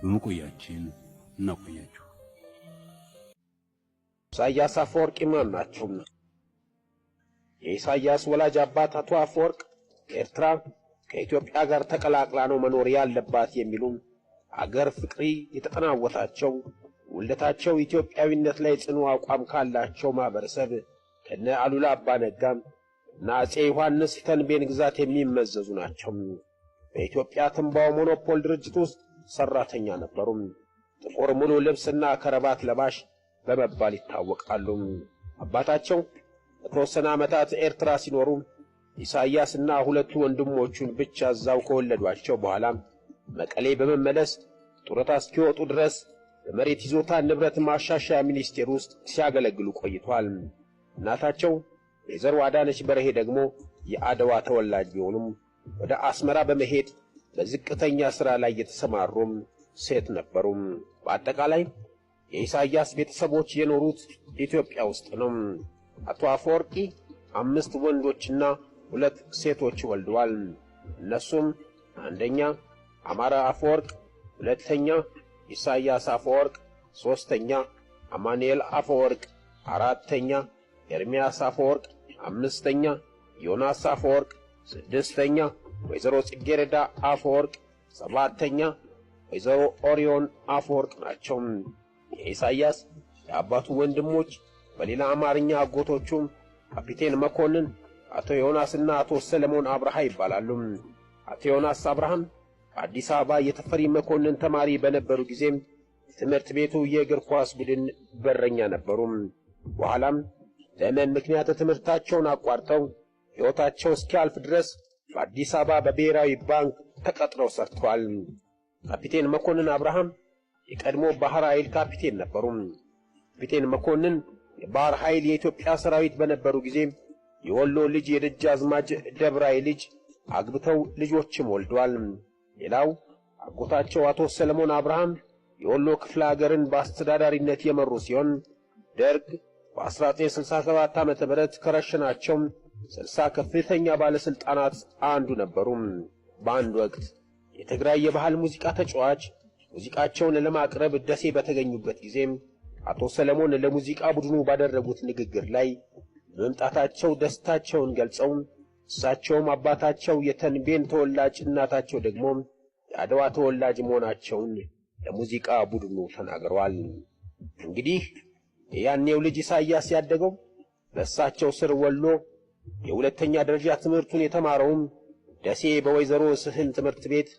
በመቆያችን እናቆያችሁ። ኢሳያስ አፈወርቅ ኢማም ናቸው? የኢሳያስ ወላጅ አባት አቶ አፈወርቅ ኤርትራ ከኢትዮጵያ ጋር ተቀላቅላ ነው መኖር ያለባት የሚሉም አገር ፍቅሪ የተጠናወታቸው ውልደታቸው ኢትዮጵያዊነት ላይ ጽኑ አቋም ካላቸው ማህበረሰብ ከነ አሉላ አባ ነጋም እና አጼ ዮሐንስ ተንቤን ግዛት የሚመዘዙ ናቸው። በኢትዮጵያ ትንባው ሞኖፖል ድርጅት ውስጥ ሰራተኛ ነበሩም። ጥቁር ሙሉ ልብስና ከረባት ለባሽ በመባል ይታወቃሉ። አባታቸው ለተወሰነ ዓመታት ኤርትራ ሲኖሩ ኢሳይያስና ሁለቱ ወንድሞቹን ብቻ እዛው ከወለዷቸው በኋላ መቀሌ በመመለስ ጡረታ እስኪወጡ ድረስ በመሬት ይዞታ ንብረት ማሻሻያ ሚኒስቴር ውስጥ ሲያገለግሉ ቆይቷል። እናታቸው ወይዘሮ አዳነች በርሄ ደግሞ የአድዋ ተወላጅ ቢሆኑም ወደ አስመራ በመሄድ በዝቅተኛ ሥራ ላይ የተሰማሩም ሴት ነበሩም። በአጠቃላይ የኢሳያስ ቤተሰቦች የኖሩት ኢትዮጵያ ውስጥ ነው። አቶ አፈወርቂ አምስት ወንዶችና ሁለት ሴቶች ወልደዋል። እነሱም አንደኛ አማራ አፈወርቅ፣ ሁለተኛ ኢሳያስ አፈወርቅ፣ ሦስተኛ አማኑኤል አፈወርቅ፣ አራተኛ ኤርሚያስ አፈወርቅ፣ አምስተኛ ዮናስ አፈወርቅ፣ ስድስተኛ ወይዘሮ ጽጌረዳ አፈወርቅ ሰባተኛ፣ ወይዘሮ ኦሪዮን አፈወርቅ ናቸው። የኢሳይያስ የአባቱ ወንድሞች በሌላ አማርኛ አጎቶቹም ካፒቴን መኮንን፣ አቶ ዮናስና አቶ ሰለሞን አብርሃ ይባላሉ። አቶ ዮናስ አብርሃም በአዲስ አበባ የተፈሪ መኮንን ተማሪ በነበሩ ጊዜም የትምህርት ቤቱ የእግር ኳስ ቡድን በረኛ ነበሩ። በኋላም ለምን ምክንያት ትምህርታቸውን አቋርጠው ሕይወታቸው እስኪያልፍ ድረስ በአዲስ አበባ በብሔራዊ ባንክ ተቀጥረው ሰርተዋል። ካፒቴን መኮንን አብርሃም የቀድሞ ባህር ኃይል ካፒቴን ነበሩ። ካፒቴን መኮንን የባህር ኃይል የኢትዮጵያ ሰራዊት በነበሩ ጊዜ የወሎ ልጅ የደጃዝማች ደብራይ ልጅ አግብተው ልጆችም ወልደዋል። ሌላው አጎታቸው አቶ ሰለሞን አብርሃም የወሎ ክፍለ ሀገርን በአስተዳዳሪነት የመሩ ሲሆን ደርግ በ1967 ዓ.ም ከረሸናቸው ስልሳ ከፍተኛ ባለስልጣናት አንዱ ነበሩም። በአንድ ወቅት የትግራይ የባህል ሙዚቃ ተጫዋች ሙዚቃቸውን ለማቅረብ ደሴ በተገኙበት ጊዜም አቶ ሰለሞን ለሙዚቃ ቡድኑ ባደረጉት ንግግር ላይ መምጣታቸው ደስታቸውን ገልጸው እሳቸውም አባታቸው የተንቤን ተወላጅ እናታቸው ደግሞ የአድዋ ተወላጅ መሆናቸውን ለሙዚቃ ቡድኑ ተናግረዋል። እንግዲህ የያኔው ልጅ ኢሳያስ ያደገው በእሳቸው ስር ወሎ የሁለተኛ ደረጃ ትምህርቱን የተማረውም ደሴ በወይዘሮ ስህን ትምህርት ቤት